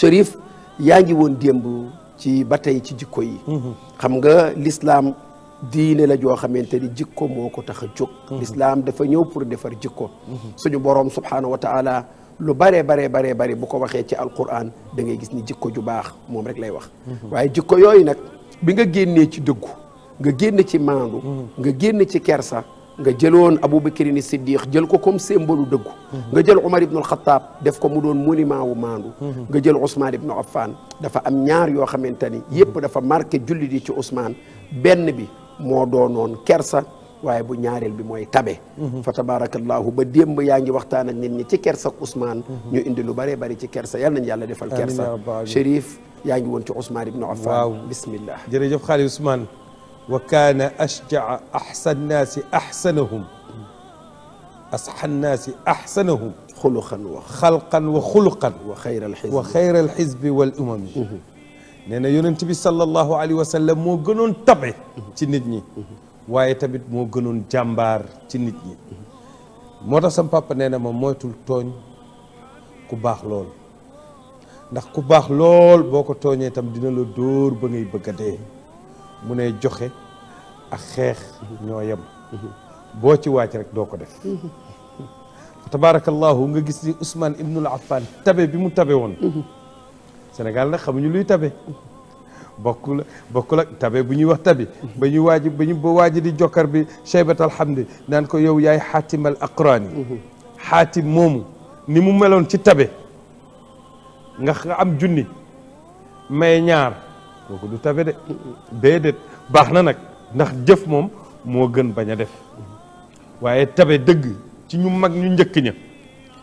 Chérif yaa ngi woon démb ci ba tey ci jikko yi mhm. xam nga lislaam diine la joo xamante ni jikko moo ko tax a jóg mhm. lislaam dafa ñëw pour defar jikko mhm. suñu boroom subhaanahu wa taala lu bare bare bare bare bu ko waxee ci alquran da ngay gis ni jikko ju baax moom rek lay wax waaye jikko yooyu nag bi nga génnee ci dëggu nga génn ci maandu nga génn ci kersa nga bakr Aboubacrine Siddiq jël ko comme symbole deug nga jël Omar ibn al-Khattab def ko mu doon monument wu mandu nga jël usman ibn Affan dafa am ñaar yo xamanteni yëpp dafa marqué julli ci usman benn bi do non kersa waye bu ñaarel bi moy tabe fa tabarakallahu ba démb yaangi waxtaan ak nit ñi ci kersa ak Ousmane ñu indi lu bëree bëri ci kersa yal nañ yàlla defal kersa sherif yaangi won ci usman ibn Affan bismillah jeuf khali usman وكان أشجع أحسن الناس أحسنهم أصح الناس أحسنهم خلقا وخلقا وخلقا وخير الحزب وخير الحزب والأمم نانا يوننتبي صلى الله عليه وسلم مو جنون تبع تنتني واي تبت مو جنون جمبار تنتني موتا سام بابا نانا ما مويتول توني كباخ لول ndax ku bax lool boko togné tam mune joxe ak xex ñoyam bo ci wàcc rek doko def tabarakallah nga gis ni ibn al Affan tabe bi mu tabe won Sénégal nag xamuñu luy tabe bokkul bokkul ak tabe bu ñuy wax tabe ba ñu waaji ba ñu di jokkar bi cheybat alhamdi nan ko yow yaay hatim al aqraan hatim mom ni mu melon ci tabe nga am junni may ñaar kooku du tabe de déedéet baax na nag ndax jëf moom moo gën bañ a def waaye tabe dëgg ci ñu mag ñu njëkk ña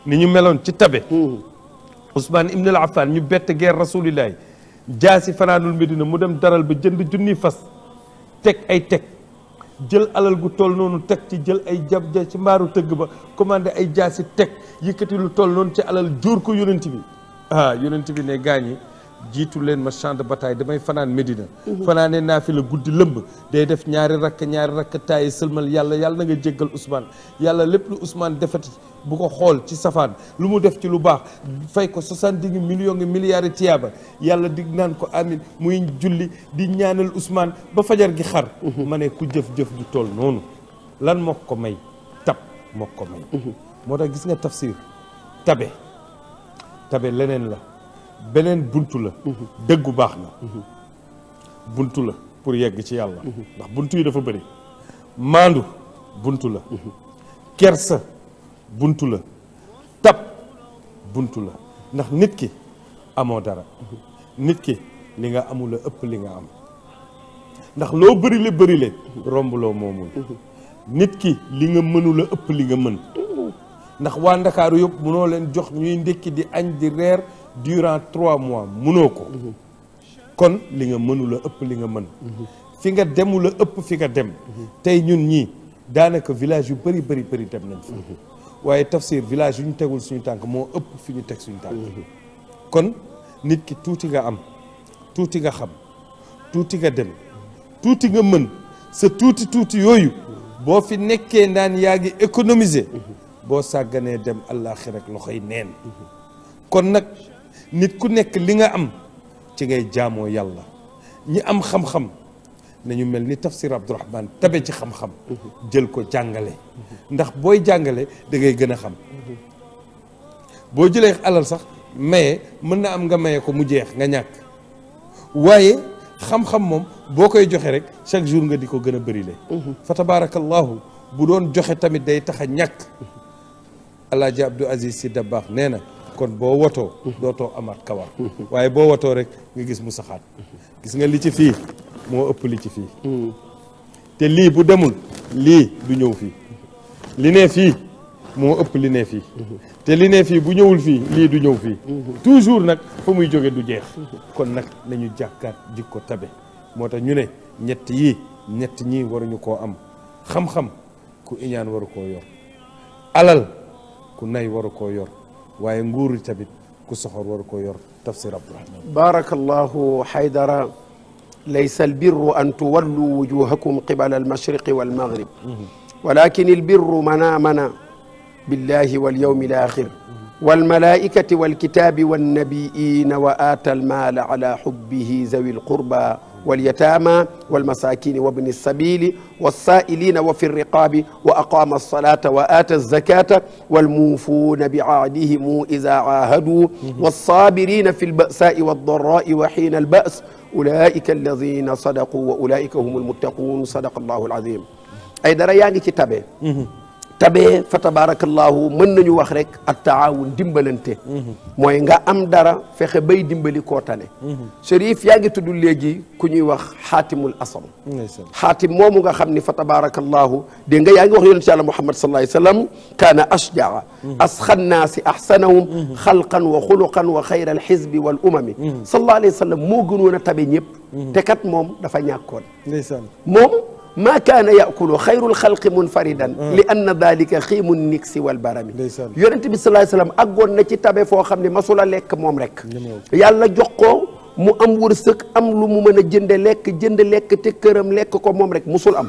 ni ñu meloon ci tabe Ousmane Ibn Affan ñu bett guerre rasulillahi jaasi fanaanul Medina mu dem daral ba jënd junni fas teg ay teg jël alal gu toll noonu teg ci jël ay jab ja ci mbaaru tëgg ba commandé ay jaasi teg yëkkati lu toll noonu ci alal jóor ko yonent bi ah yonent bi ne gaañi jiitu leen ma champ de damay fanaan Medina. fanaane naa fi la guddi lëmb. day def ñaari rakk ñaari rakk taay sëlmal yàlla yàlla na nga jéggal Ousmane yàlla lépp lu Ousmane defati bu ko xool ci safaan lu mu def ci lu baax fay ko soixante-dix millions ngi milliards tiyaaba yàlla dig naan ko amin muy julli di ñaanal Ousmane ba fajar gi xar. ma ne ku jëf-jëf ju tool noonu lan moo ko may tab moo ko may. Mhm. moo tax gis nga tafsir tabe tabe leneen la. beneen buntu la mhm. dëggu baax na mhm. bunt la pour yegg ci yàlla mhm. ndax buntu yi dafa bëri maandu buntu la kersa bunt la tab bunt la ndax nit ki amoo dara nit ki li nga amul a ëpp li nga am ndax loo bëri le bëri le romb moomul nit ki li nga mënula ëpp li nga mën ndax waa ndakaaru yëpp munoo leen jox ñuy ndékki di añ di reer durant trois mois Munoko. Mhm. kon li nga mënu la ëpp li nga mën mhm. fi nga demu la ëpp fi nga dem mhm. tey ñun ñii daanaka village yu bëri bëri bëri dem nañ fa tafsir village yu ñu tegul suñu tànk moo ëpp fi ñu teg suñu kon nit ki tuuti nga am tuuti nga xam tuuti nga dem tuuti nga mën sa tuuti tuuti yoyu. boo fi nekkee naan yaa ngi économiser boo sàgganee dem àllaaxi rek loxoy neen kon nak nit ku nekk li nga am ci ngay jaamoo yàlla ñi am xam-xam nañu mel ni tafsir abdourahman tabe ci xam-xam jël ko jàngale ndax booy jàngale da gën a xam boo jëlee alal sax maye mën na am nga maye ko mu jeex nga ñàkk waaye xam-xam moom boo koy joxe rek chaque jour nga di ko gën a bërile fa tabarakallahu bu doon joxe tamit day tax a ñàkk alaaji abdou aziz si dabaax nee na kon boo watoo dootoo amaat kawar waaye boo watoo rek nga gis mu saxaat gis nga li ci fii moo ëpp li ci fii te lii bu demul lii du ñëw fii li ne fii moo ëpp li ne fii te li ne fii bu ñëwul fii lii du ñëw fii toujours nag fa muy joge du jeex kon nag nañu jàkkaat jikko tabe moo tax ñu ne ñett yii ñett ñii waruñu koo am xam-xam ku iñaan waru koo yor alal ku nay waru koo yor وينقول تبت كس حرور كوير تفسير عبد الرحمن بارك الله حيدر ليس البر أن تولوا وجوهكم قبل المشرق والمغرب ولكن البر منامنا بالله واليوم الآخر والملائكة والكتاب والنبيين وآتى المال على حبه ذوي القربى واليتامى والمساكين وابن السبيل والسائلين وفي الرقاب وأقام الصلاة وآتى الزكاة والموفون بعهدهم إذا عاهدوا والصابرين في البأساء والضراء وحين البأس أولئك الذين صدقوا وأولئك هم المتقون صدق الله العظيم أي دريان كتابه tabe fa tabaarakallaahu mën nañu wax rek ak taawun dimbalante moy nga am dara fexe bay dimbali ko tane Chérif yaa ngi tudd léegi wax xaatimul asam hatim momu nga xamni ni fa tabaarakallaahu nga yaa ngi wax yonent yàlla muhammad sallallahu alayhi wa sallam kaana ashjaa asxan naasi ahsanahum xalqan wa khuluqan wa xayra alxizbi wal umami sallallahu alayhi wa sallam moo gënoon tabe ñep te kat mom dafa ñàkkoon mom ما كان ياكل خير الخلق منفردا لان ذلك خيم النكس والبرم يونت بي صلى الله عليه وسلم اغون نتي تابي فو خامني ما سولا ليك موم ريك يالا جوكو مو ام ورسك ام لو مو مانا جند ليك جند ليك تي كرم ليك كو موم ريك مسول ام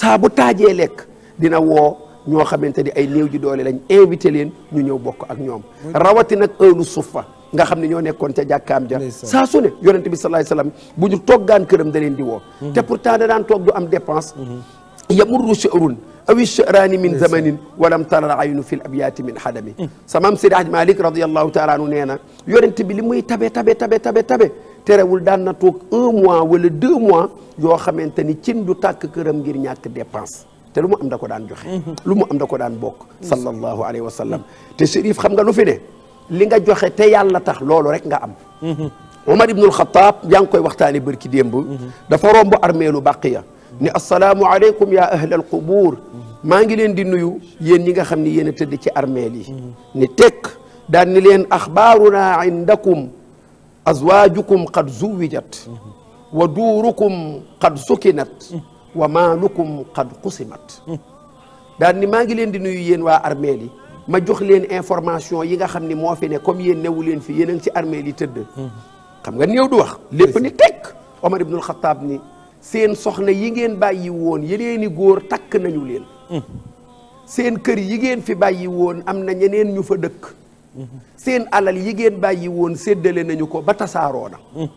سا بو تاجي ليك دينا و ño xamanteni ay neew ji doole lañ invité leen ñu ñëw bokk ak ñoom rawati nag eulu suffa nga xamni ne ñoo nekkoon ca jàkkaam ja sa suné yaronte bi sallallahu alayhi wasallam buñu ñu toggaan da leen di woo te pourtant da daan toog du am dépense yamurru shi'run awi sha'raani min zamanin walam tara aynu fi al abyat min hadami samam maam ahmad malik radiyallahu taala nu neena yaronte bi limuy muy tabe tabe tabe tabe tabe terewul dan na tok un mois wala deux mois yo xamanteni ci ndu tak kërëm ngir ñak dépense te lu mu am da ko daan joxe lu mu am da ko daan bok sallallahu alayhi wasallam te Chérif xam nga lu fi ne li nga joxe te yàlla tax loolu rek nga am Omar ibnul Xataab yaa ngi koy waxtaane bërki démb dafa romb armeelu Baqiya ni asalaamu aleykum yaa ahlal qubuur maa ngi leen di nuyu yéen ñi nga xam ni yéen a tëdd ci armeel yi ni tekk daan ni leen axbaaruna indakum azwaajukum qad zuwijat wa duurukum qad sukinat wa maalukum qad qusimat daan ni maa ngi leen di nuyu yéen waa armeel yi ma jox leen information yi nga xam ni moo fi ne comme yéen newu leen fi yéen ci armeel yi tëdd xam nga néew du wax lépp ni tekk Omar ibnul Xataab ni seen soxna yi ngeen bàyyiwoon yeneen yeneeni góor takk nañu leen hmm. seen kër yi ngeen fi bàyyi woon am na ñeneen ñu fa dëkk seen alal yi ngeen bàyyi woon séddale nañu ko ba tasaaroo na hmm.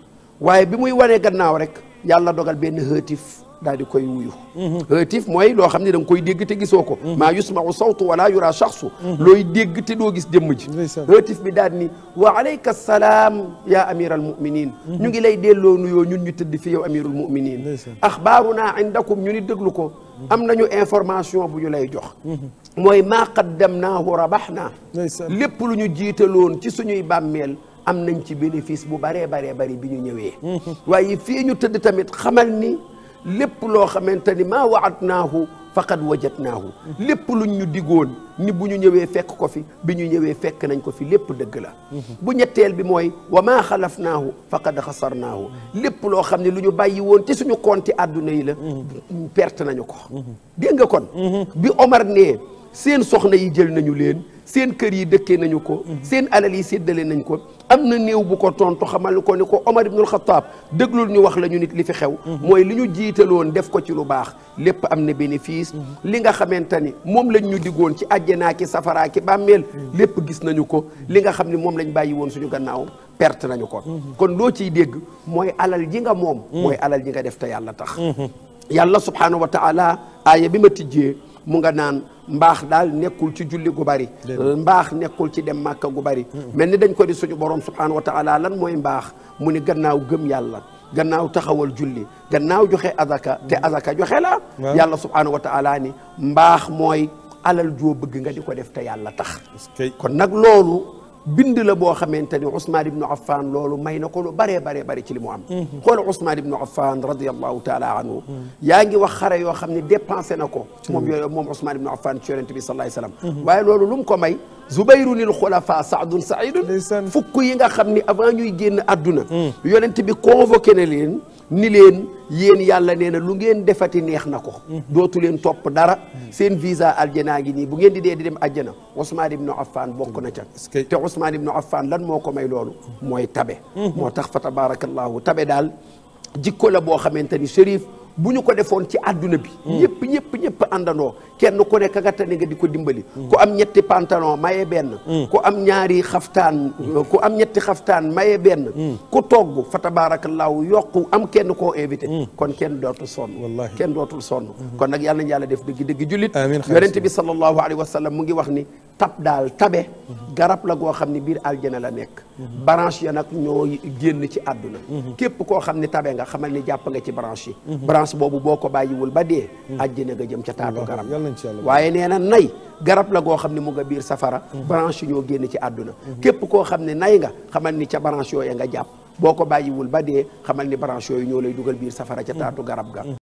waaye bi muy wanee gannaaw rek yàlla dogal benn xëtif daal koy wuyu haatif mhm. mooy loo xam ne da koy dégg te gisoo ko mhm. maa yusmau sawtu wala yura shaxsu mhm. looy dégg te doo gis démm ji haatif bi daal ni wa alayka salaam ya amira almuminin ñu ngi lay delloo nuyoo ñun ñu tëdd fi yow amiru almuminin axbaaruna indakum ñu ni déglu ko am nañu information bu ñu lay jox mooy maa qaddamnaahu rabaxna lépp lu ñu jiitaloon ci suñuy bàmmeel am nañ ci bénéfice bu baree bare bari bi ñu ñëwee waaye fii ñu tëdd tamit xamal ni lépp loo xamante ni maa waadnaahu faqad wajadnaahu lépp luñ ñu digoon ni bu ñu ñëwee fekk ko fi bi ñu ñëwee fekk nañ ko fi lépp dëgg la mm-hmm. bu ñetteel bi mooy wa maa xalafnaahu faqad xasarnaahu lépp loo xam ne lu ñu bàyyi woon ci suñu compte àdduna yi la mm-hmm. perte nañu ko mm-hmm. dégg nga kon bi Omar nee seen soxna yi jël nañu leen seen kër yi dëkkee nañu ko seen alal yi séddale nañ ko am na néew bu ko tontu xamal ko ni ko Omar ibnul Xattaab déglul ñu wax la ñu nit li fi xew mhm. mooy li ñu jiitaloon def ko ci lu baax lépp am na bénéfice mhm. li nga xamante ni moom lañ ñu diggoon ci àjjanaa ki safaraa ki bàmmeel mhm. lépp gis nañu ko li nga xam ni moom lañ bàyyi woon suñu gannaaw perte nañu ko kon loo ciy dégg mooy alal ji nga moom mooy alal ji nga def te yàlla tax yàlla subhaanahu wa aaya bi ma tijjee mu nga naan mbax dal nekul ci julli gu bari mbax nekul ci dem màkka gu bari melni dañ ko di suñu borom subhanahu wa taala lan moy mbax muni gannaaw gëm yàlla gannaaw taxawal julli gannaaw joxe azaka te azaka joxe la yàlla subhanahu wa taala ni mbax moy alal jo beug nga diko def te yàlla tax kon nak lolu بند لا بو خامتاني عثمان بن عفان لولو ماينكو لو بري بري بري تي لي خول عثمان بن عفان رضي الله تعالى عنه ياغي واخ خره يو خامني ديبانسي نكو موم عثمان بن عفان تي يونتبي صلى الله عليه وسلم واي لولو لوم كو ماي زبير للخلفاء سعد سعيد فك ييغا خامني افان يوي ген ادونا يونتبي كونفوكي نلين ni leen yéen yàlla nee na lu ngeen defati neex na ko mhm. dootu leen topp dara seen visa aljana ngi nii bu ngeen di dee di dem ajjana Ousmane ibnu Affan bokk na ca mhm. te Ousmane ibnu Affan lan moo ko may loolu mhm. mooy tabe moo tax fa tabarakallahu tabe daal jikko la boo xamante ni Chérif bu ñu ko defoon ci àdduna bi ñëpp hmm. ñëpp ñëpp àndandoo kenn ku ne ka nga tane di ko dimbali hmm. ku am ñetti pantalon maye benn hmm. ku am ñaari xaftaan ku am ñetti xaftaan maye benn ku togg fa tabaarakallaahu yokku am kenn koo invité kon kenn dootul sonn wallaahi kenn dootul sonn kon nag yàlla na yàlla def dëgg dëgg jullit yonent bi sallallahu alayhi wa sallam mu ngi wax ni tab daal tabe garab la goo xam ne biir aljana la nekk baranche ya nag ñoo génn ci àdduna képp koo xam ne tabe nga xamal ni jàpp nga ci branche yi branche boobu boo ko bàyyiwul ba dee àjjana nga jëm ca taatu garab waaye nee na nay garab la goo xam ne mu nga biir safara branche ñoo génn ci àdduna képp koo xam ne nay nga xamal ni ca branche yooya nga jàpp boo ko bàyyiwul ba dee xamal ni branche yooyu ñoo lay dugal biir safara ca taatu garab ga